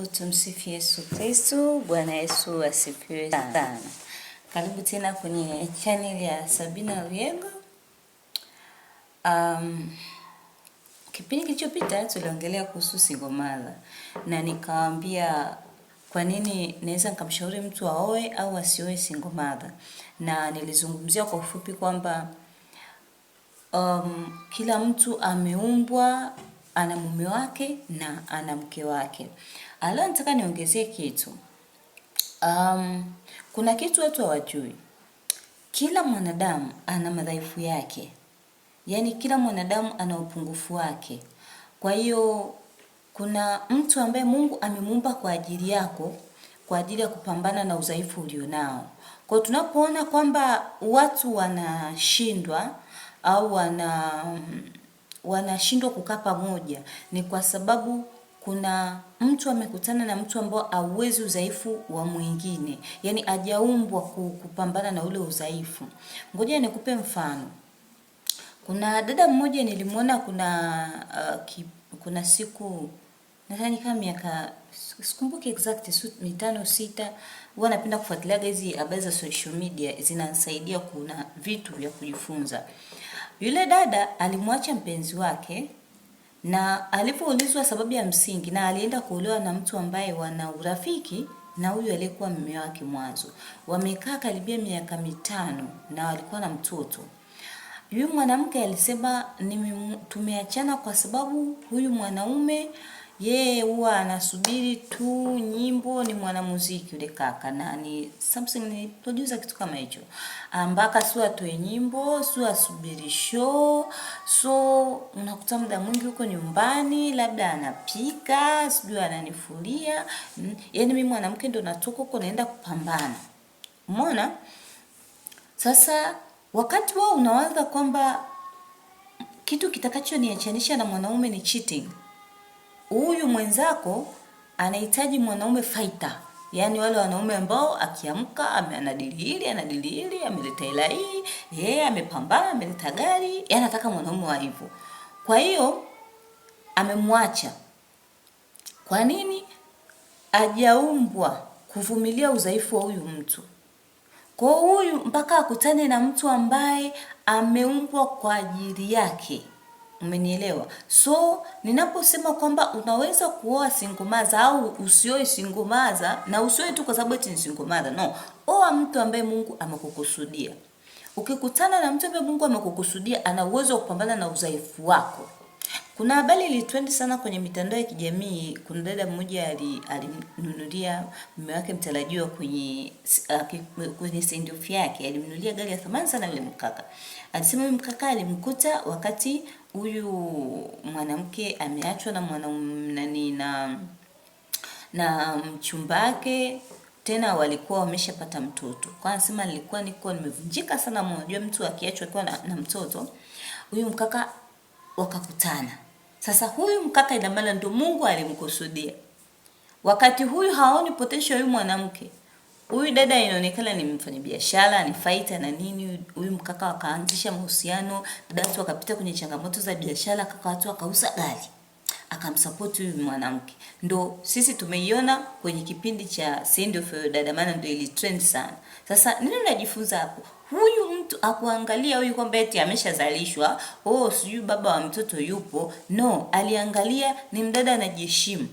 wangu, tumsifu Yesu Kristo. Bwana Yesu asifiwe sana. Karibu tena kwenye channel ya Sabina uyengo Um, kipindi kilichopita tuliongelea kuhusu single mother na nikawaambia kwa nini naweza nikamshauri mtu aoe au asioe single mother, na nilizungumzia kwa ufupi kwamba um, kila mtu ameumbwa ana mume wake na ana mke wake. Ala, nataka niongezee kitu. Um, kuna kitu watu hawajui. Kila mwanadamu ana madhaifu yake, yaani kila mwanadamu ana upungufu wake. Kwa hiyo kuna mtu ambaye Mungu amemuumba kwa ajili yako, kwa ajili ya kupambana na udhaifu ulionao. Kwa tunapoona kwamba watu wanashindwa au wana wanashindwa kukaa pamoja, ni kwa sababu kuna mtu amekutana na mtu ambao auwezi udhaifu wa mwingine, yaani ajaumbwa kupambana na ule udhaifu. Ngoja nikupe mfano. Kuna dada mmoja nilimwona, kuna uh, ki, kuna siku nadhani kama miaka sikumbuki exact su, mitano sita, huwa napenda kufuatilia hizi habari za social media, zinanisaidia kuna vitu vya kujifunza. Yule dada alimwacha mpenzi wake na alipoulizwa sababu ya msingi, na alienda kuolewa na mtu ambaye wana urafiki na huyu aliyekuwa mume wake mwanzo. Wamekaa karibia miaka mitano na walikuwa na mtoto. Yule mwanamke alisema, tumeachana kwa sababu huyu mwanaume yeye huwa anasubiri tu nyimbo, ni mwanamuziki yule kaka, na ni something ni producer kitu kama hicho, ambaka ah, sio atoe nyimbo, sio asubiri show. So unakuta muda mwingi huko nyumbani, labda anapika, sijui ananifulia. Mm, yaani mimi mwanamke ndo natoka huko naenda kupambana, umeona? Sasa wakati wao unawaza kwamba kitu kitakachoniachanisha na mwanaume ni cheating huyu mwenzako anahitaji mwanaume fighter, yaani wale wanaume ambao akiamka anadili hili anadili hili, ameleta hela hii, yeye amepambana, ameleta gari, yaani anataka mwanaume wa hivyo. Kwa hiyo amemwacha. Kwa nini? Hajaumbwa kuvumilia udhaifu wa huyu mtu. Kwa huyu mpaka akutane na mtu ambaye ameumbwa kwa ajili yake. Umenielewa? So ninaposema kwamba unaweza kuoa single mother au usioe single mother, na usioe tu kwa sababu eti ni single mother, no. Oa mtu ambaye Mungu amekukusudia. Ukikutana na mtu ambaye Mungu amekukusudia, ana uwezo wa kupambana na udhaifu wako. Kuna habari ilitrendi sana kwenye mitandao ya kijamii. Kuna dada mmoja alinunulia mume wake mtarajiwa kwenye uh, kwenye sendoff yake alimnunulia gari ya thamani sana yule mkaka. Alisema mkaka alimkuta wakati huyu mwanamke ameachwa na mwanaume nani na na mchumbake tena walikuwa wameshapata mtoto. Kwa nasema nilikuwa niko nimevunjika sana moyo. Unajua mtu akiachwa akiwa na, na mtoto, huyu mkaka wakakutana. Sasa huyu mkaka ina maana ndio Mungu alimkusudia. Wakati huyu haoni potential huyu mwanamke, huyu dada inaonekana ni mfanyabiashara, ni fighter na nini. Huyu mkaka akaanzisha mahusiano, dada watu wakapita kwenye changamoto za biashara, kaka watu akauza gari akamsupport huyu mwanamke, ndo sisi tumeiona kwenye kipindi cha Send of Your Dada, maana ndo ili trend sana. Sasa nini unajifunza hapo? Huyu mtu akuangalia huyu kwamba eti ameshazalishwa, oh, sijui baba wa mtoto yupo. No, aliangalia ni mdada anajiheshimu,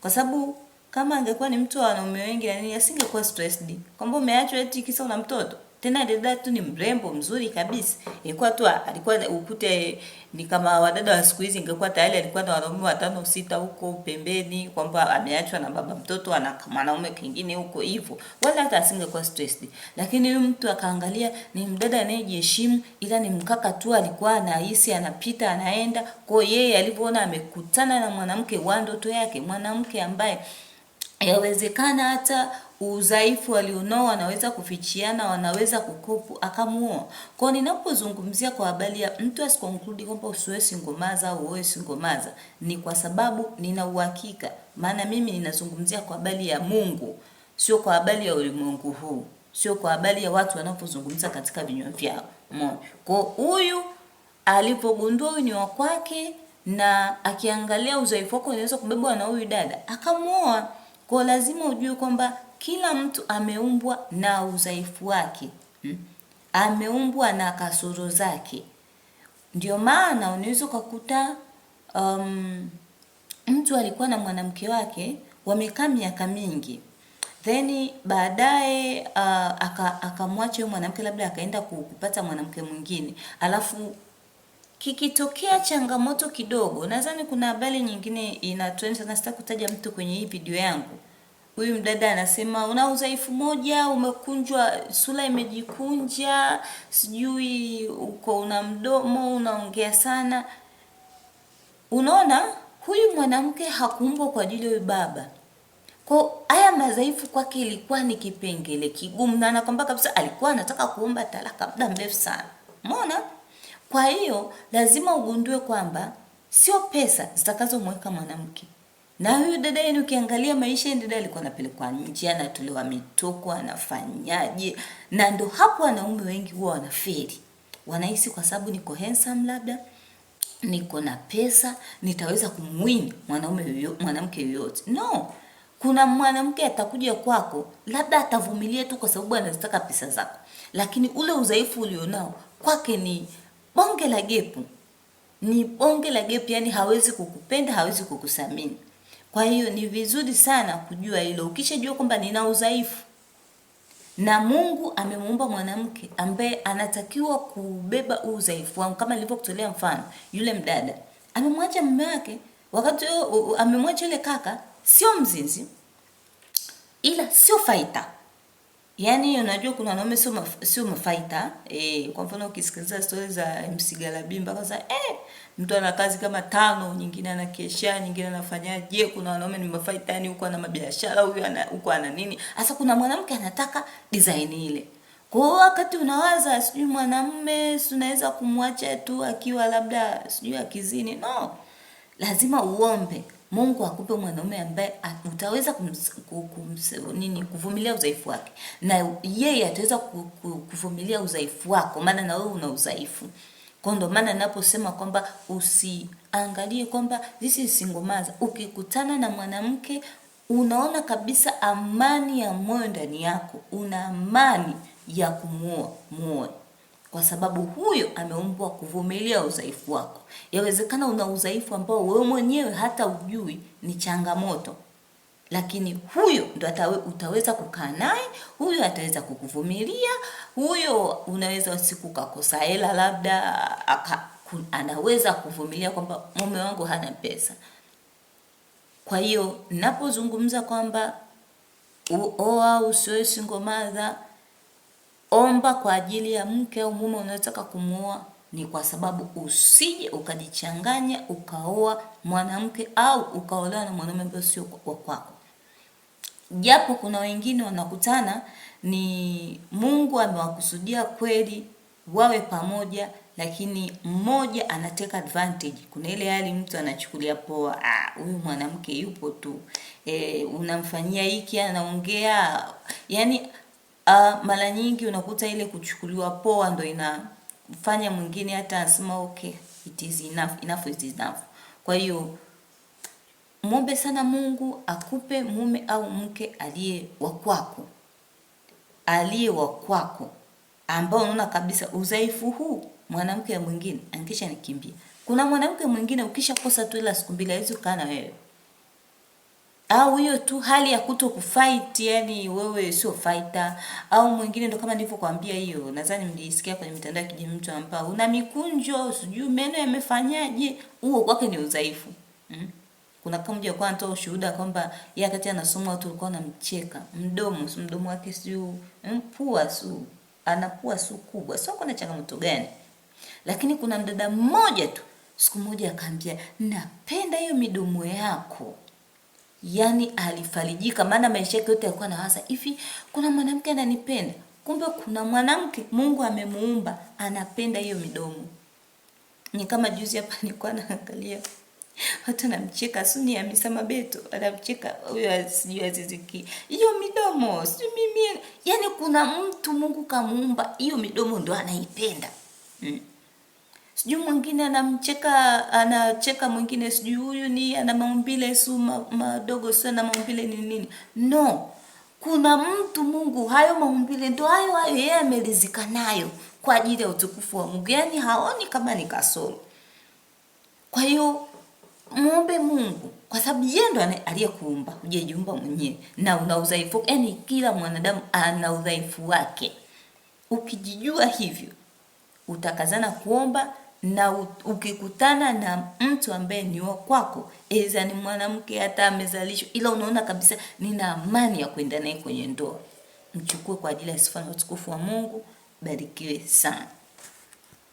kwa sababu kama angekuwa ni mtu wa wanaume wengi na nini, asingekuwa stressed kwamba umeachwa eti kisa una mtoto. Tena dada tu ni mrembo mzuri kabisa, ilikuwa tu alikuwa ukute ni kama wadada wa siku hizi, ingekuwa tayari alikuwa na wanaume watano sita huko pembeni, kwamba ameachwa na baba mtoto ana mwanaume kingine huko hivyo, wala hata asingekuwa stressed. Lakini huyu mtu akaangalia, ni mdada anayejiheshimu, ila ni mkaka tu, alikuwa anahisi anapita, anaenda kwa hiyo yeye. alipoona amekutana na mwanamke wa ndoto yake, mwanamke ambaye yawezekana hata udhaifu walionao wanaweza kufichiana, wanaweza kukopu akamuoa Kwa Ninapozungumzia kwa habari ya mtu asikonkludi kwamba usiwe singomaza au uwe singomaza, ni kwa sababu nina uhakika, maana mimi ninazungumzia kwa habari ya Mungu, sio kwa habari ya ulimwengu huu, sio kwa habari ya watu wanapozungumza katika vinywa vyao. Kwa huyu alipogundua huyu ni wa kwake, na akiangalia udhaifu wako unaweza kubebwa na huyu dada, akamuoa. Kwa lazima ujue kwamba kila mtu ameumbwa na udhaifu wake hmm? Ameumbwa na kasoro zake. Ndio maana unaweza ukakuta um, mtu alikuwa na mwanamke wake wamekaa miaka mingi then baadaye uh, akamwacha aka huyo mwanamke labda akaenda kupata mwanamke mwingine, alafu kikitokea changamoto kidogo, nadhani kuna habari nyingine ina sana, sitaki kutaja mtu kwenye hii video yangu. Huyu mdada anasema una udhaifu moja, umekunjwa sura imejikunja, sijui uko una mdomo unaongea sana. Unaona, huyu mwanamke hakuumbwa kwa ajili ya baba. Kwa haya madhaifu kwake ilikuwa ni kipengele kigumu, na anakwambia kabisa alikuwa anataka kuomba talaka muda mrefu sana. Umeona? Kwa hiyo lazima ugundue kwamba sio pesa zitakazomweka mwanamke na huyu dada yenu, ukiangalia maisha ya dada, alikuwa anapelekwa nje, anatolewa mitoko, anafanyaje? Na ndo hapo wanaume wengi huwa wanafeli, wanahisi kwa sababu niko handsome, labda niko na pesa, nitaweza kumwini mwanaume mwanamke yoyote. No, kuna mwanamke atakuja kwako, labda atavumilia tu kwa sababu anazitaka pesa zako, lakini ule udhaifu ulionao kwake ni bonge la gepu, ni bonge la gepu, yani hawezi kukupenda, hawezi kukusamini. Kwa hiyo ni vizuri sana kujua hilo. Ukishajua kwamba nina udhaifu na Mungu amemuumba mwanamke ambaye anatakiwa kubeba udhaifu wangu, kama nilivyokutolea mfano, yule mdada amemwacha mume wake, wakati amemwacha yule kaka, sio mzinzi, ila sio faita Yaani unajua kuna wanaume sio maf sio mafaita. Eh, kwa mfano ukisikiliza stori za MC Galabi kwanza eh mtu ana kazi kama tano, nyingine anakesha, nyingine anafanyaje. Kuna wanaume ni mafaita, yani huko ana mabiashara, huyu ana huko ana nini. Sasa kuna mwanamke anataka design ile. Kwa wakati unawaza sijui mwanamume si unaweza kumwacha tu akiwa labda sijui akizini. No. Lazima uombe. Mungu akupe mwanaume ambaye utaweza kums, kums, nini kuvumilia udhaifu wake, na yeye ataweza kuvumilia udhaifu wako, maana na wewe una udhaifu. Kwa ndo maana naposema kwamba usiangalie kwamba this is single mother. Ukikutana na mwanamke unaona kabisa amani ya moyo ndani yako, una amani ya kumuoa muoe kwa sababu huyo ameumbwa kuvumilia udhaifu wako. Yawezekana una udhaifu ambao wewe mwenyewe hata ujui ni changamoto, lakini huyo ndo atawe, utaweza kukaa naye, huyo ataweza kukuvumilia, huyo unaweza siku kakosa hela labda aka, anaweza kuvumilia kwamba mume wangu hana pesa. Kwa hiyo napozungumza kwamba oa usioe single mother omba kwa ajili ya mke au mume unayotaka kumuoa, ni kwa sababu usije ukajichanganya ukaoa mwanamke au ukaolewa na mwanaume ambaye sio wa kwako. Japo kuna wengine wanakutana, ni Mungu amewakusudia kweli wawe pamoja, lakini mmoja anateka advantage. Kuna ile hali mtu anachukulia poa, ah, huyu mwanamke yupo tu e, unamfanyia hiki, anaongea yani Uh, mara nyingi unakuta ile kuchukuliwa poa ndo inafanya mwingine hata asema okay, it is enough, enough it is enough. Kwa hiyo muombe sana Mungu akupe mume au mke aliye wa kwako, aliye wa kwako, ambao unaona kabisa udhaifu huu mwanamke mwingine, angesha nikimbia. Kuna mwanamke mwingine ukishakosa tu ila siku mbili hawezi kukaa na wewe au hiyo tu hali ya kuto kufight, yani wewe sio fighter, au mwingine ndo kama nilivyokuambia, hiyo nadhani mlisikia kwenye mitandao ya kijamii, mtu ampa una mikunjo, sijui meno yamefanyaje, huo kwake ni udhaifu mm? Kuna kama mmoja kwa anatoa ushuhuda kwamba yeye akati anasoma watu walikuwa wanamcheka mdomo, si mdomo wake, si mpua, mm, su anapua su kubwa, sio kuna changamoto gani? Lakini kuna mdada mmoja tu siku moja akaambia, napenda hiyo midomo yako yani alifarijika, maana maisha yake yote alikuwa anawaza hivi, kuna mwanamke ananipenda, kumbe kuna mwanamke Mungu amemuumba anapenda hiyo midomo. Ni kama juzi hapa nilikuwa naangalia watu anamcheka Suni Misama Beto anamcheka huyo sijui Aziziki, hiyo midomo si mimi, yani kuna mtu Mungu kamuumba hiyo midomo ndo anaipenda hmm sijui mwingine anamcheka anacheka mwingine, sijui huyu ni ana maumbile su madogo sana, maumbile ni nini? No, kuna mtu Mungu hayo maumbile ndo hayo hayo yeye amelizika nayo kwa ajili ya utukufu wa Mungu, yaani haoni kama ni kasoro. Kwa hiyo muombe Mungu kwa sababu yeye ndo aliyekuumba, hujajiumba mwenyewe, na una udhaifu. yaani kila mwanadamu ana udhaifu wake. Ukijijua hivyo utakazana kuomba na ukikutana na mtu ambaye ni wa kwako, eza ni mwanamke hata amezalishwa, ila unaona kabisa nina amani ya kuenda naye kwenye ndoa, mchukue kwa ajili ya sifa na utukufu wa Mungu. Barikiwe sana.